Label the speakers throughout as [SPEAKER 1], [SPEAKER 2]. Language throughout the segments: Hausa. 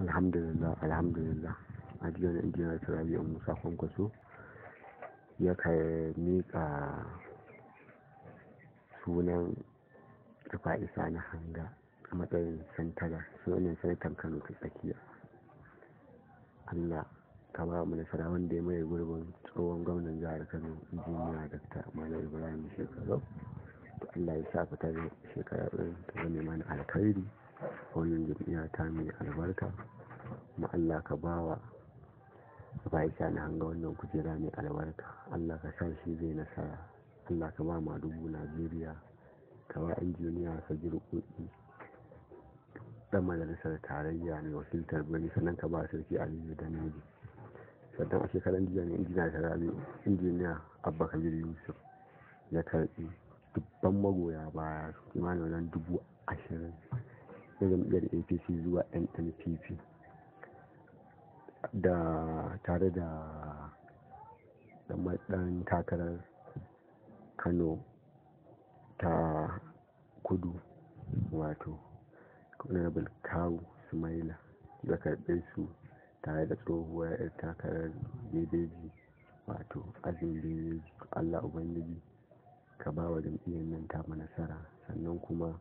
[SPEAKER 1] alhamdulillah alhamdulillah adiyon indiya ta a musa kwankwaso ya ka miƙa sunan rufa isa na hanga a matsayin santara sunan sanatan kano ta tsakiya allah ka ba mu nasara wanda ya mai gurbin tsohon gwamnan jihar kano injiniya ta mana ibrahim shekaru to allah ya sa fitar shekaru ta zama mana alkhairi wannan jam'iyya ta mai albarka kuma Allah ka bawa Aisha na hanga wannan kujera mai albarka Allah ka sa shi zai nasara Allah ka ba ma dubu Najeriya ka ba injiniya ka ji rukuki dan majalisar tarayya ne wakiltar birni sannan ka ba sarki Aliyu Danudi sannan a shekaran jiya ne injiniya rabi injiniya Abba Kabir Yusuf ya karbi dubban magoya baya kimanin dubu ashirin na jam'iyyar apc zuwa nnpp da tare da dan takarar kano ta kudu wato honorable kawu smaila da karbe su tare da tsohuwar 'yar takarar bebeji wato azumi bebeji allah ubangiji ka ba wa jam'iyyar nan ta nasara sannan kuma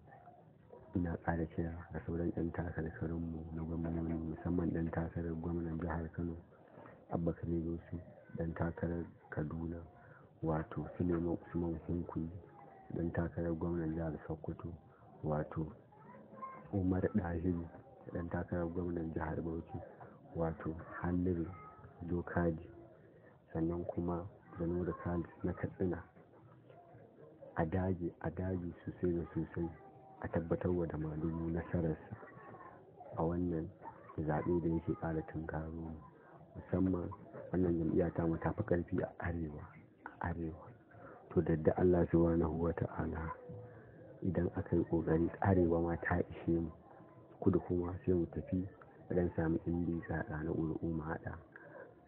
[SPEAKER 1] ina ƙara kira ga sauran 'yan karinmu na gwamnoni musamman ɗan takarar gwamnan jihar kano abba kabiru yusuf ɗan takarar kaduna wato suleiman usman hunkuyi ɗan takarar gwamnan jihar sokoto wato umar ɗahiru ɗan takarar gwamnan jihar bauchi wato hannun jokaji sannan kuma zanura khalid na katsina a daji a daji sosai da sosai a tabbatar wa da madugu nasararsa a wannan zaɓe da yake ƙara tunkaro musamman wannan jam'iyya ta mu ta fi ƙarfi a arewa a arewa to da Allah subhanahu wa ta'ala idan aka yi ƙoƙari arewa ma ta ishe mu kudu kuma sai mu tafi ran sami indi tsada na ul'umma haɗa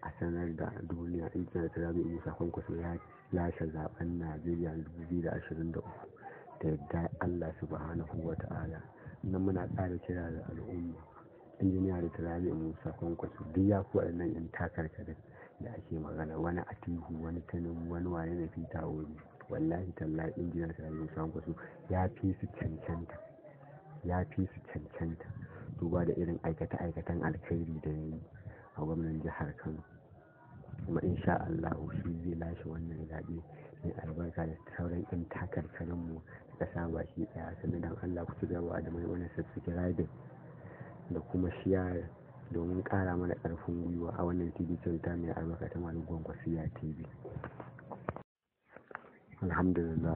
[SPEAKER 1] a sanar da duniya intanet rabi'u musa kwankwaso ya lashe zaben najeriya 2023 da yadda Allah subhanahu wa ta'ala na muna tsara kira da al'umma injiniya da turare musa kwankwaso duk ya fi waɗannan yan takarkarin da ake magana wani atihu wani tanin wani waye na ta wuri wallahi talla injiniya da turare musa kwankwaso ya fi su cancanta ya fi su cancanta duba da irin aikata-aikatan alkhairi da a gwamnan jihar kano kuma sha Allah shi zai lashe wannan zaɓe mai albarka da sauran 'yan takarkarinmu da ƙasa shi ɗaya sannan don Allah ku cigaba da mai wani subscribing da kuma share domin ƙara mana ƙarfin gwiwa a wannan tv kyauta mai albarka ta malam ya tv alhamdulillah